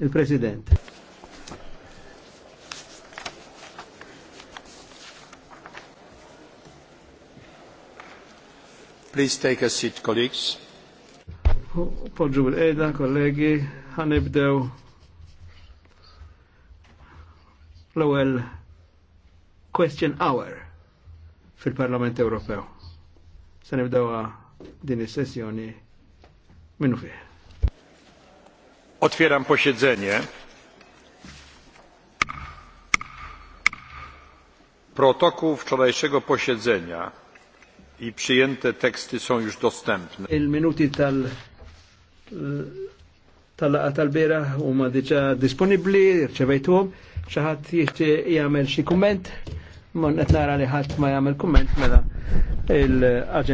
Il-President. Please take a seat, colleagues. Podġu bil-eda, kollegi, ħanibdew l-ewel question hour fil-Parlament Ewropew se nibdewa din is-sessjoni minnu fih. Otwieram posiedzenie. Protokół wczorajszego posiedzenia i przyjęte teksty są już dostępne. Il-minuti tal tal-laqa tal-bera u ma diġa disponibli, rċevejtuhom, xaħat jieċi jgħamil xie komment, mon nara li ħadd ma jagħmel kumment mela il-aġenda.